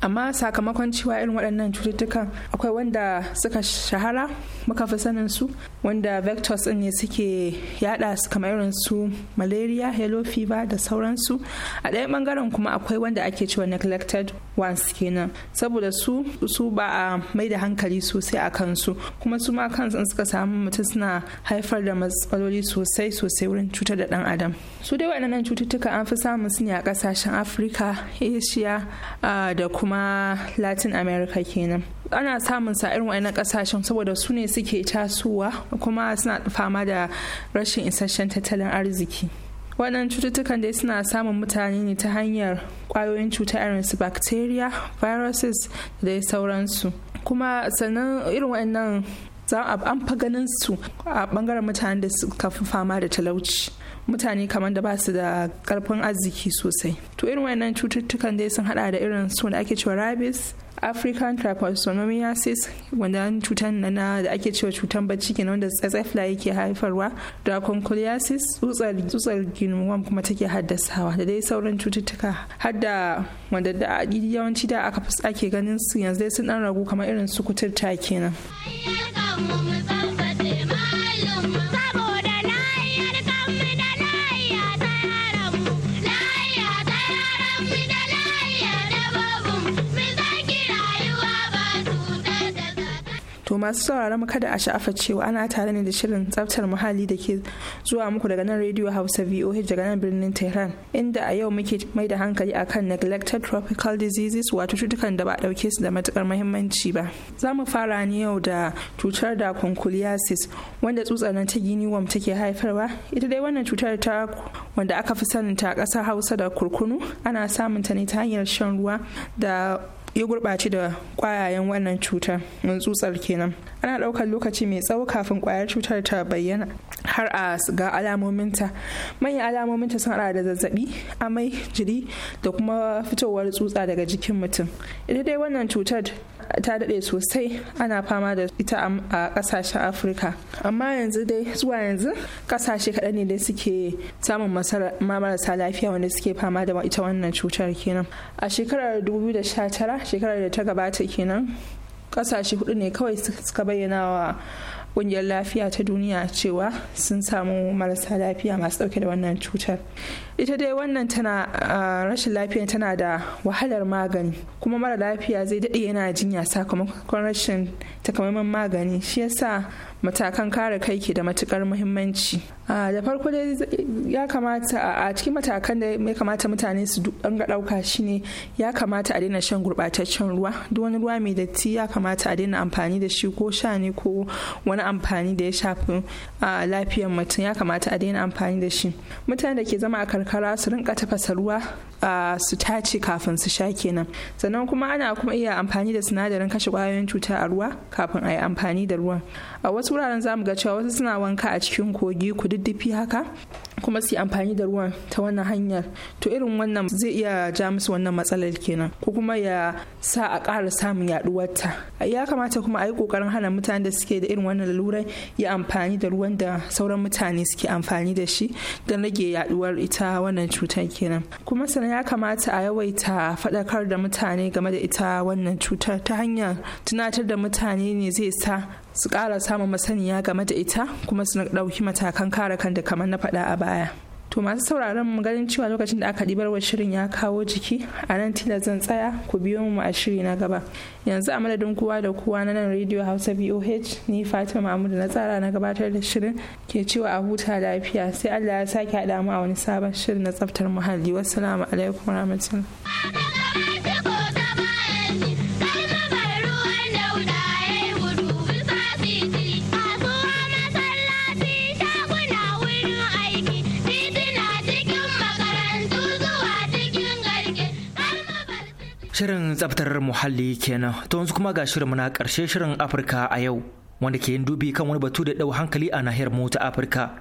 amma sakamakon cewa irin waɗannan cututtukan akwai wanda suka shahara muka fi sanin su wanda vectors ɗin ne suke yada su kamar irin su malaria yellow fever da sauransu a ɗaya bangaren kuma akwai wanda ake cewa neglected ones kenan saboda su su ba a mai da hankali sosai a kansu kuma su ma kansu suka samu mutum suna haifar da matsaloli sosai sosai wurin cutar da dan adam su dai waɗannan cututtuka an fi samun su ne a ƙasashen afirka asia da kuma latin america kenan ana samun sa irin waɗannan ƙasashen saboda su ne suke tasowa kuma suna fama da rashin isasshen tattalin arziki waɗannan cututtukan dai suna samun mutane ne ta hanyar ƙwayoyin cuta irin su bacteria viruses da sauransu kuma sannan irin waɗannan za a an fa ganin su a bangaren mutanen da suka fi fama da talauci mutane kamar da ba su da karfin arziki sosai to irin wannan cututtukan dai sun hada da irin su da ake cewa rabies african trypanosomiasis wanda cutan na da ake cewa cutan bacci kenan wanda tsatsafla yake haifarwa draconculiasis tsutsar tsutsar ginuwan kuma take haddasawa da dai sauran cututtuka har da wanda da yawanci da aka ake ganin su yanzu dai sun dan ragu kamar irin su kuturta kenan Mama was To masu sauraron mu kada a sha'afa cewa ana tare ne da shirin tsaftar muhalli da ke zuwa muku daga nan Radio Hausa VOH daga nan birnin Tehran inda a yau muke mai da hankali akan neglected tropical diseases wato cutukan da ba a dauke su da matukar muhimmanci ba. Za mu fara ne yau da cutar da conculiasis wanda tsutsar nan ta gini wam take haifarwa. Ita dai wannan cutar ta wanda aka fi sanin ta kasar Hausa da kurkunu ana samun ta ne ta hanyar shan ruwa da ya gurɓaci da kwayayen wannan cutar mun tsutsar kenan ana ɗaukar lokaci mai tsawo kafin ƙwayar cutar ta bayyana har a ga alamominta manyan alamominta sun haɗa da zazzabi amai jiri da kuma fitowar tsutsa daga jikin mutum ita dai wannan cutar ta daɗe sosai ana fama da ita a kasashen afirka amma yanzu dai zuwa yanzu ƙasashe kaɗan ne dai suke samun marasa lafiya wanda suke fama da ita wannan cutar kenan a shekarar 2019 shekarar da ta gabata kenan kasashe hudu ne kawai suka bayyana wa kungiyar lafiya ta duniya cewa sun samu marasa lafiya masu dauke da wannan cutar ita dai wannan tana rashin lafiya tana da wahalar magani kuma mara lafiya zai daɗe yana jinya sakamakon rashin takamaiman magani shi yasa matakan kare kai ke da matukar muhimmanci da farko dai ya kamata a cikin matakan da ya kamata mutane su an ga dauka shine ya kamata a daina shan gurbataccen ruwa duk wani ruwa mai datti ya kamata a daina amfani da shi ko sha ne ko wani amfani da ya shafi lafiyar mutum ya kamata a daina amfani da shi mutane da ke zama a karkara su rinka tafasa ruwa su tace kafin su sha kenan sannan kuma ana kuma iya amfani da sinadarin kashe kwayoyin cuta a ruwa kafin a yi amfani da ruwan a wasu wasu wuraren zamu ga cewa wasu suna wanka a cikin kogi kududdufi haka kuma su amfani da ruwan ta wannan hanyar to irin wannan zai iya ja musu wannan matsalar kenan ko kuma ya sa a ƙara samun yaduwar ta ya kamata kuma a yi ƙoƙarin hana mutane da suke da irin wannan lalurai ya amfani da ruwan da sauran mutane suke amfani da shi don rage yaduwar ita wannan cutar kenan kuma sana ya kamata a yawaita faɗakar da mutane game da ita wannan cutar ta hanyar tunatar da mutane ne zai sa su kara samun masaniya game da ita kuma su ɗauki matakan kare kanta kamar na faɗa a baya to masu sauraron mu ganin cewa lokacin da aka dibar wa shirin ya kawo jiki a nan tila zan tsaya ku biyo mu a shiri na gaba yanzu a madadin kowa da kowa na nan radio hausa boh ni fatima mahmud na tsara na gabatar da shirin ke cewa a huta lafiya sai allah ya sake haɗa mu a wani sabon shirin na tsaftar muhalli wasu alaikum warahmatullahi Shirin tsabtar muhalli kenan to yanzu kuma ga shirin na karshe shirin Afirka a yau wanda ke yin dubi kan wani batu da ɗau hankali a nahiyar mu ta Afirka.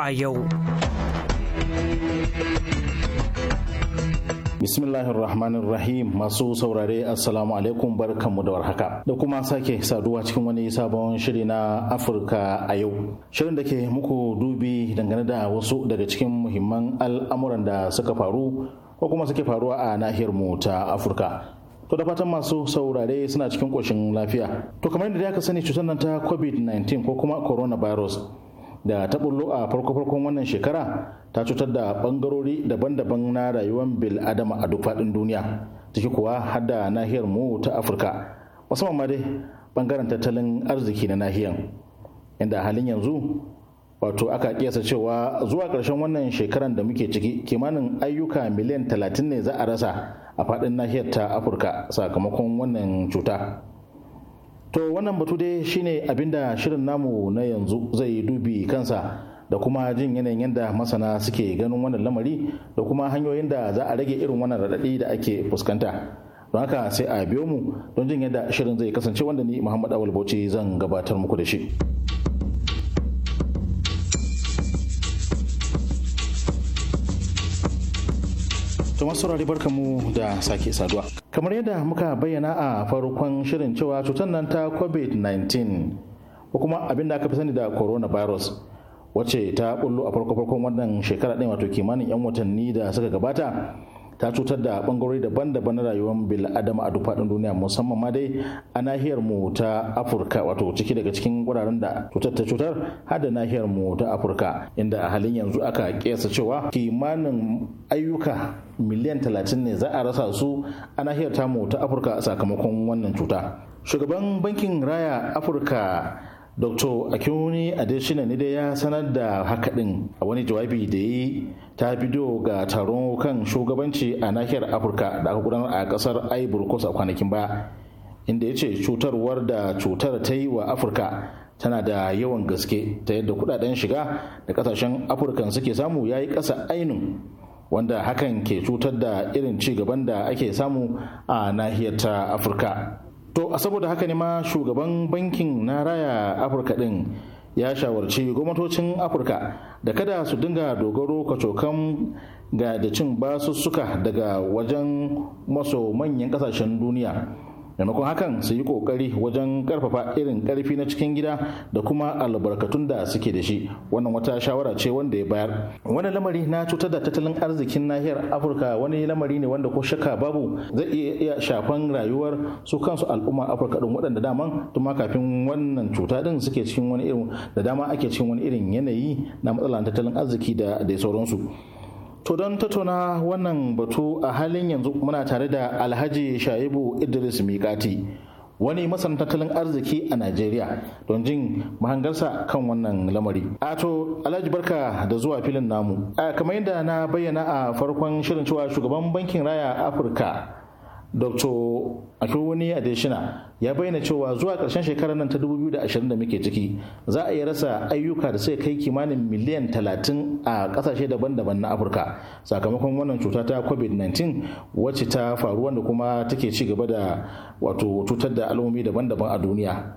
Afirka a yau. Bismillahirrahmanirrahim masu saurare assalamu alaikum barkanmu da warhaka da kuma sake saduwa cikin wani sabon shiri na Afirka a yau. Shirin da ke muku dubi dangane da wasu daga cikin muhimman al'amuran da suka faru ko kuma suke faruwa a nahiyar mu ta Afirka. To da fatan masu saurare suna cikin ƙoshin lafiya. To kamar yadda aka sani cutar nan ta COVID-19 ko kuma coronavirus da ta bullo a farko-farkon wannan shekara ta cutar da bangarori daban-daban na rayuwar bil adama a duk faɗin duniya ciki kuwa har da nahiyar mu ta afirka wasu ma dai bangaren tattalin arziki na nahiyar inda halin yanzu wato aka kiyasa cewa zuwa ƙarshen wannan shekaran da muke ciki kimanin ayyuka miliyan talatin ne za a rasa a faɗin nahiyar ta afirka sakamakon wannan cuta to wannan batu dai shine abinda shirin namu na yanzu zai dubi kansa da kuma jin yanayin yadda masana suke ganin wannan lamari da kuma hanyoyin da za a rage irin wannan raɗaɗi da ake fuskanta don haka sai a biyo mu don jin yadda shirin zai kasance wanda ni muhammad awal bauchi zan gabatar muku da shi. To masu barka mu da sake saduwa. Kamar yadda muka bayyana a farkon shirin cewa cutar nan ta COVID-19 ko kuma abin da aka fi sani da coronavirus wacce ta bullo a farko-farkon wannan shekara ɗin wato kimanin 'yan watanni da suka gabata ta cutar da bangarori daban-daban na rayuwar bil adama a dufaɗin faɗin duniya musamman ma dai a nahiyar mu ta afirka wato ciki daga cikin wuraren da cutar ta cutar har da nahiyar mu ta afirka inda a halin yanzu aka kiyasa cewa kimanin ayyuka miliyan talatin ne za a rasa su a nahiyar tamu ta afirka sakamakon wannan cuta shugaban bankin raya afirka dr akinwuni adeshina ne dai ya sanar da haka din a wani jawabi da yi ta bidiyo ga taron kan shugabanci a nahiyar afirka da aka gudanar a kasar ivory a kwanakin baya inda ya ce cutarwar da cutar ta yi wa afirka tana da yawan gaske ta yadda kudaden shiga da kasashen afirka suke samu ya yi ƙasa ainu, wanda hakan ke cutar da irin ci gaban da ake samu a nahiyar ta afirka to a saboda haka ne ma shugaban bankin na raya afirka ɗin ya shawarci gwamnatocin afirka da kada su dinga dogaro kacokan ga da cin basussuka daga wajen maso manyan ƙasashen duniya maimakon hakan su yi kokari wajen karfafa irin karfi na cikin gida da kuma albarkatun da suke da shi wannan wata shawara ce wanda ya bayar wani lamari na cutar da tattalin arzikin nahiyar afirka wani lamari ne wanda ko shakka babu zai iya shafan rayuwar su kansu al'umma afirka din waɗanda daman tuma kafin wannan cuta din suke cikin wani irin da dama ake cikin wani irin yanayi na matsalar tattalin arziki da dai sauransu To don tattauna wannan batu a halin yanzu muna tare da Alhaji Shaibu Idris Mikati, wani masana tattalin arziki a Najeriya don jin mahangarsa kan wannan lamari. A to Alhaji barka da zuwa filin namu. A kamar yadda na bayyana a farkon shirin cewa shugaban bankin raya Afirka dr atowuni adeshina ya bayyana cewa zuwa ƙarshen shekarar nan ta 2020 da muke ciki za a iya rasa ayyuka da sai kai kimanin miliyan 30 a ƙasashe daban-daban na afirka sakamakon wannan cuta ta covid-19 wacce ta faru wanda kuma take ci gaba da wato cutar da al'ummi daban-daban a duniya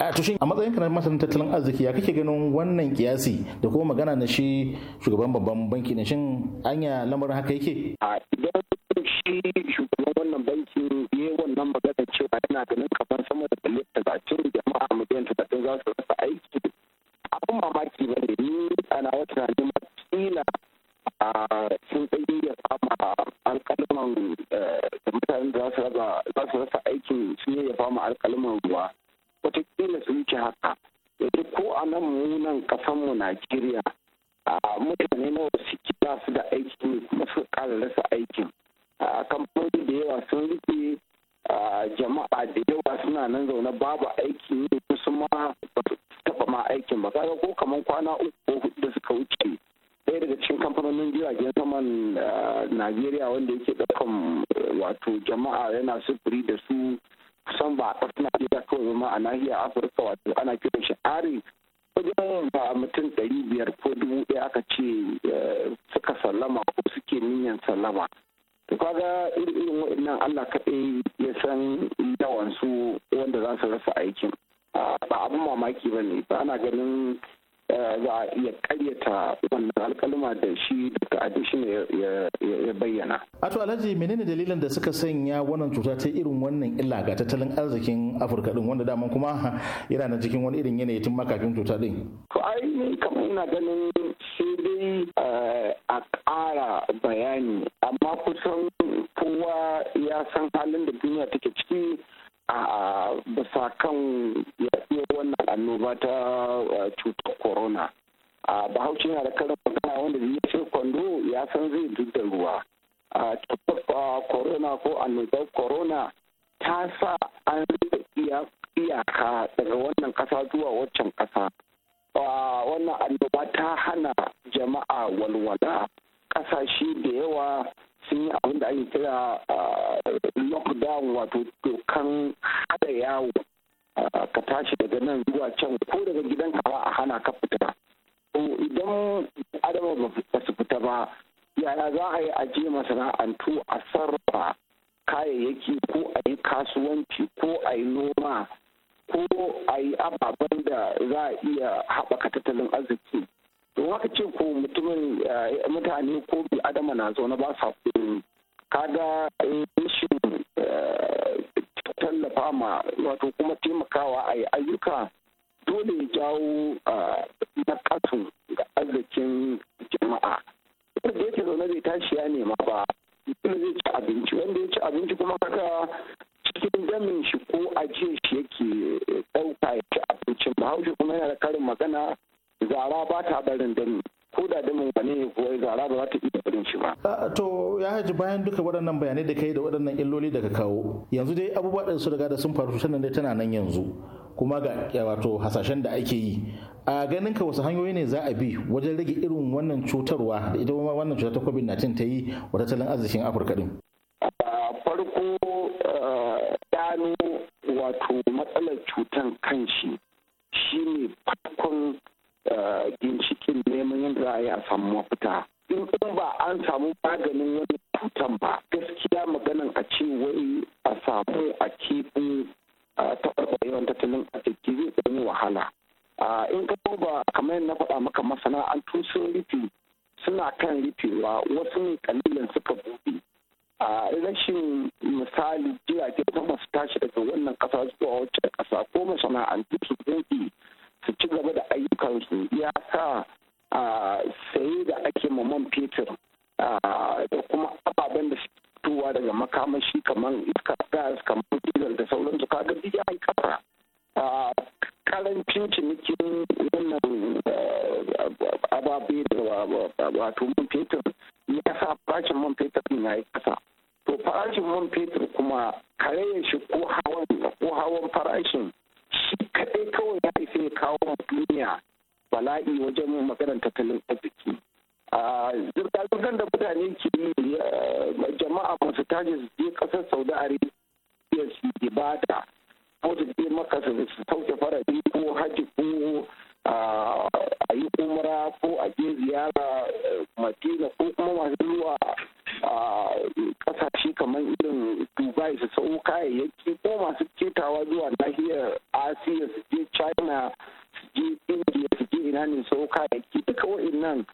a to a matsayin kana masanin tattalin arziki ya kake ganin wannan kiyasi da kuma magana na shi shugaban babban banki na shin anya lamarin haka yake a idan shi shugaban wannan banki ya wannan magana cewa yana ganin kamar sama da da talatin jama'a miliyan talatin za su rasa aiki abin mamaki ba ne ni ana wata tunanin kila sun tsaye ya fama alkalman eh, da mutanen da za su rasa aikin sun ya fama alkalman ruwa watakila su wuce haka yanzu ko a nan munan kasanmu najeriya mutane nawa suke ba su da aiki ne kuma su kara rasa aikin kamfanoni da yawa sun rufe jama'a da yawa suna nan zaune babu aiki ne kusa ma ba taba ma aikin ba kaga ko kamar kwana uku ko hudu da suka wuce ɗaya daga cikin kamfanonin jiragen saman najeriya wanda yake ɗaukan wato jama'a yana sufuri da su kusan ba a ƙasar iya kawai ma a nahiyar Afirka wato ana kiran shi ari wajen ba mutum ɗari biyar ko dubu ɗaya aka ce eh, suka sallama ko suke niyan sallama to kaga irin irin wa'annan Allah kaɗai ya san yawan su wanda za su rasa aikin ah, ba abin mamaki ba ne ba ana ganin Eh, za a iya karyata wannan alkalma da shi daga ne ya bayyana. Ato Alhaji menene dalilin da suka sanya wannan cuta ta irin wannan illa ga tattalin arzikin Afirka din wanda daman kuma yana na cikin wani irin yanayi tun makafin cuta din. To ai kamar ina ganin sai dai eh, a ƙara bayani amma kusan kowa ya san halin da duniya take ciki a bisa kan yaɗuwar wannan annoba ta uh, cutar corona a bahaushe yana da karin magana wanda zai ce kwando ya san zai duk da ruwa a cutar uh, corona ko annobar corona ta sa an rufe iyaka daga wannan kasa zuwa waccan kasa wannan annoba ta hana jama'a walwala kasashe da yawa sun yi abin da ake kira uh, lockdown wato dokan hada yawo ka tashi daga nan zuwa can ko daga gidan kawa a hana ka fita to idan adama ba su fita ba yaya za a yi aje masana'antu a sarrafa kayayyaki ko a yi kasuwanci ko a yi noma ko a yi ababen da za a iya haɓaka tattalin arziki don haka ce ko mutumin eh, mutane ko bi adama na zaune ba sa kuɗi kaga rashin eh, tallafa ma wato kuma taimakawa a yi ayyuka dole ya jawo nakasu ga arzikin jama'a wanda yake zaune bai tashi ya nema ba dole zai ci abinci wanda ya ci abinci kuma kaka cikin damin shi ko ajiye shi yake ɗauka ya ci abincin bahaushe kuma yana da karin magana zara ba ta barin dami ko da da wane ne ko zara ba za ta iya barin shi ba. to ya haji bayan duka waɗannan bayanai da kai da waɗannan illoli daga kawo yanzu dai abubuwa da su riga da sun faru sannan dai tana nan yanzu kuma ga wato hasashen da ake yi a ganin ka wasu hanyoyi ne za a bi wajen rage irin wannan cutarwa da ita wannan cutar ta covid-19 ta yi wa tattalin arzikin afirka din. farko gano wato matsalar cutar kanshi shine farkon Eh, ginshikin neman yadda za a yi a samu mafita in ba an samu maganin wani cutan ba gaskiya maganin a ce wai a samu a kifin taɓarɓarewar tattalin arziki zai ɗan wahala ah, in ka ba kamar na faɗa maka masana'antu sun rufe suna kan rufewa wasu ne kalilan suka buɗe ah, rashin misali jiragen ta masu tashi daga wannan ƙasa zuwa wacce ƙasa ko masana'antu su buɗe su ci gaba da ayyukansu ya sa saye da ake ma man fetur da kuma ababen da fitowa daga makamashi kamar iska gas kamar diesel da sauransu kaga duk ya kara karancin cinikin wannan ababe da wato man fetur ya sa farashin man fetur ya yi kasa to farashin man fetur kuma kare shi ko hawan farashin shi kaɗai kawai ya isa ya kawo ma duniya bala'i wajen maganar tattalin arziki zirga-zirgar da mutane ke yi eh, jama'a masu taji su je ƙasar saudi arabia su ibada ko su je maka su sauke farari ko hajji ko a yi umra ko a je ziyara eh, madina ko kuma masu zuwa kasashe kamar irin dubai su sau kayayyaki ko masu ketawa zuwa nahiyar asiya su je china su je india su je ina ne sau kayayyaki duka wa'annan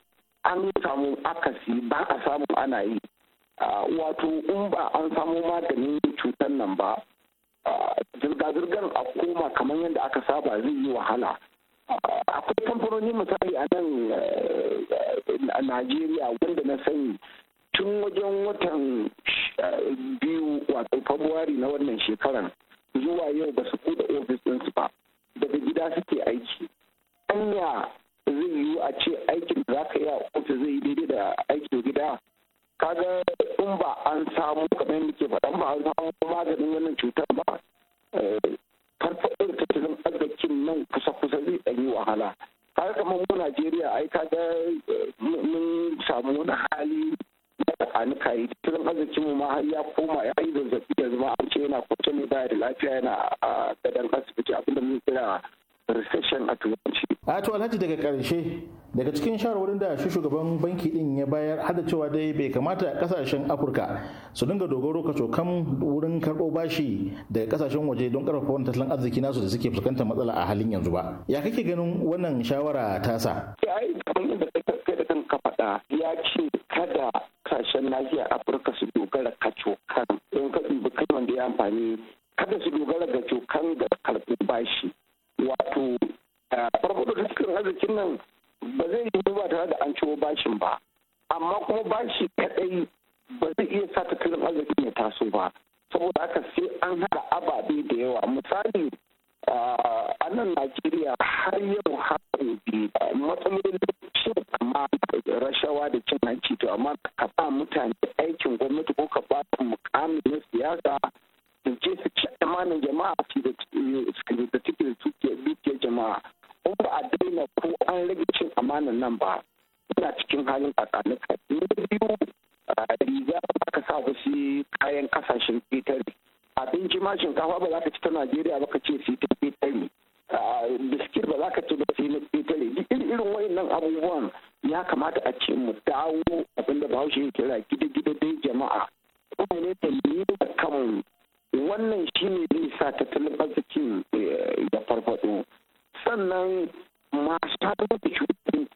an samu akasi ba a samu ana yi wato in ba an samu maganin cutar nan ba zirga-zirgar a koma kamar yadda aka saba zai yi wahala akwai kamfanoni misali a nan eh, a najeriya wanda na sani tun wajen watan eh, biyu wato fabuwari na wannan shekaran zuwa yau ba su kuda ofis ɗinsu ba daga gida suke aiki anya zai yiwu a ce aikin da za ka yi a ofis zai yi daidai da aikin gida kaga in ba an samu kamar yadda ke faɗan ba an samu maganin wannan cutar ba eh, farfaɗin tattalin aikin nan kusa kusa zai ɗan yi wahala har kamar mu Najeriya ai ga eh, mun samu wani hali na tsakanika yi tattalin arzikin mu ma har ya koma ya yi zazzabi yanzu ma an ce yana kwance ne ba da lafiya yana a gadon asibiti abinda mun kira recession a turanci. a to alhaji daga karshe daga cikin shawarwarin da shi shugaban banki din ya bayar hada cewa dai bai kamata kasashen afirka su dinga dogaro ka cokan wurin karɓo bashi daga kasashen waje don karfafa wani tattalin arziki nasu da suke fuskantar matsala a halin yanzu ba ya kake ganin wannan shawara tasa sa? Eh, ya ce kada kasashen nahiyar afirka su dogara ka cokan in ka dubi ya amfani kada su dogara ga cokan da karɓo bashi wato farko da cikin arzikin nan ba zai yi ba tare da an ciwo bashin ba amma kuma bashi kadai ba zai iya sa tattalin arzikin ya taso ba saboda haka sai an haɗa ababe da yawa misali a nan najeriya har yau har gobe matsalolin cin amma rashawa da cin hanci to amma ka ba mutane aikin gwamnati ko ka ba mukamin na siyasa su je su ci amanar jama'a su da dukiyar jama'a ko ba a daina ko an rage cin amanan nan ba ina cikin halin tsakanika na biyu riga ka sa wasu kayan kasashen ƙetare abinci ma shinkafa ba za ka ci ta najeriya ba ka ce sai ta ƙetare biskit ba za ka ci ba sai na ƙetare irin wayannan abubuwan ya kamata a ce mu dawo abinda bahaushe ya kira gida-gida dai jama'a kuma ne da kan wannan shi ne zai sa tattalin arzikin eh, ya farfado sannan masu da cutu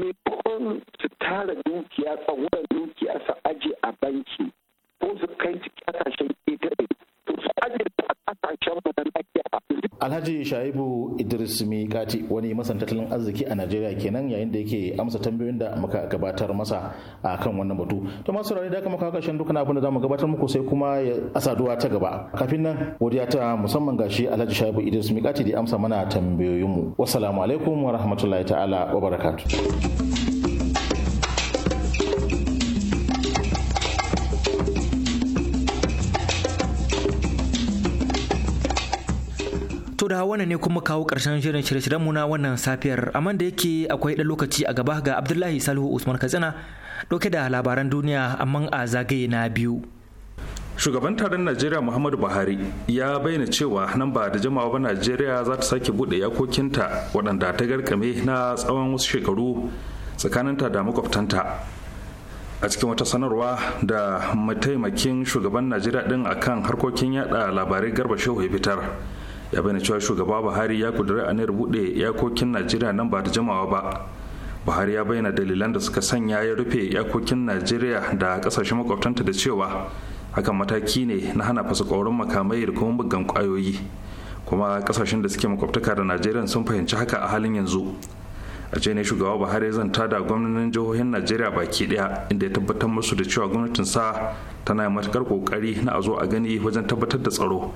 ne kon su tara dukiya tsawon dukiya su aje a banki ko su kai cikin kasashen ƙetare Alhaji Shaibu Idris Mikati wani masan tattalin arziki a Najeriya kenan yayin da yake amsa tambayoyin da muka gabatar masa a kan wannan batu. To masu rauni da aka maka kashin dukkan abin da zamu gabatar muku sai kuma ya asaduwa ta gaba. Kafin nan godiya ta musamman gashi Alhaji Shaibu Idris Mikati da amsa mana tambayoyinmu. Wassalamu alaikum wa rahmatullahi ta'ala wa barakatuh. To wannan ne kuma kawo karshen shirin shirye-shiryen muna na wannan safiyar amma da yake akwai ɗan lokaci a gaba ga Abdullahi Salihu Usman Katsina dauke da labaran duniya amma a zagaye na biyu. Shugaban taron Najeriya Muhammadu Buhari ya bayyana cewa nan ba da jama'a ba Najeriya za ta sake bude yakokinta waɗanda ta garkame na tsawon wasu shekaru tsakaninta da makwabtanta. a cikin wata sanarwa da mataimakin shugaban najeriya din akan harkokin yada labarai garba shehu ya fitar ya bayyana cewa shugaba buhari ya kudura aniyar buɗe iyakokin najeriya nan ba ta jimawa ba buhari ya bayyana dalilan da suka sanya ya rufe iyakokin najeriya da kasashen makwabtanta da cewa hakan mataki ne na hana fasakorin makamai da kuma bugan kwayoyi kuma kasashen da suke makwabtaka da najeriya sun fahimci haka a halin yanzu a ce ne shugaba buhari zanta da gwamnonin jihohin najeriya baki daya inda ya tabbatar musu da cewa gwamnatin sa tana matukar kokari na a zo a gani wajen tabbatar da tsaro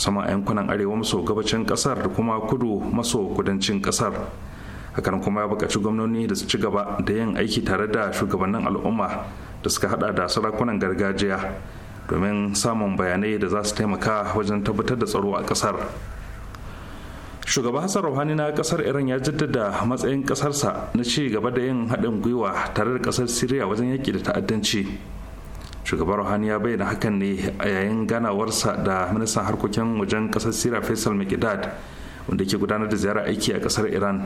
sama a yankunan arewa maso gabacin kasar da kuma kudu maso kudancin kasar hakan kuma ya bukaci gwamnoni da su ci gaba da yin aiki tare da shugabannin al'umma da suka hada da sarakunan gargajiya domin samun bayanai da za su taimaka wajen tabbatar da tsaro a kasar shugaba hassan ruhani na kasar iran ya jaddada matsayin kasarsa na ci gaba da yin haɗin gwiwa tare da kasar syria wajen yaƙi da ta'addanci shugaban ruhani ya bayyana hakan ne a yayin ganawarsa da ministan harkokin wajen kasar sira faisal mcdad wanda ke gudanar da ziyarar aiki a kasar iran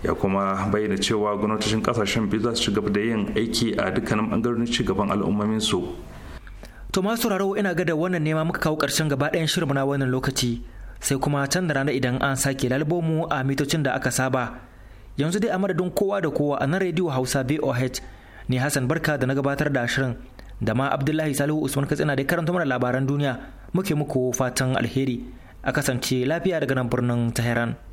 ya kuma bayyana cewa gwamnatocin kasashen biyu za su ci gaba da yin aiki a dukkanin bangarorin ci gaban su. to masu sauraro ina ga da wannan nema muka kawo karshen gaba ɗayan shirin na wannan lokaci sai kuma can da rana idan an sake lalbomu a mitocin da aka saba yanzu dai a madadin kowa da kowa a nan rediyo hausa boh ne hassan barka da na gabatar da shirin da ma Abdullahi Salihu Usman Katsina da karanta mana labaran duniya muke muku fatan alheri a kasance lafiya daga nan birnin Tehran.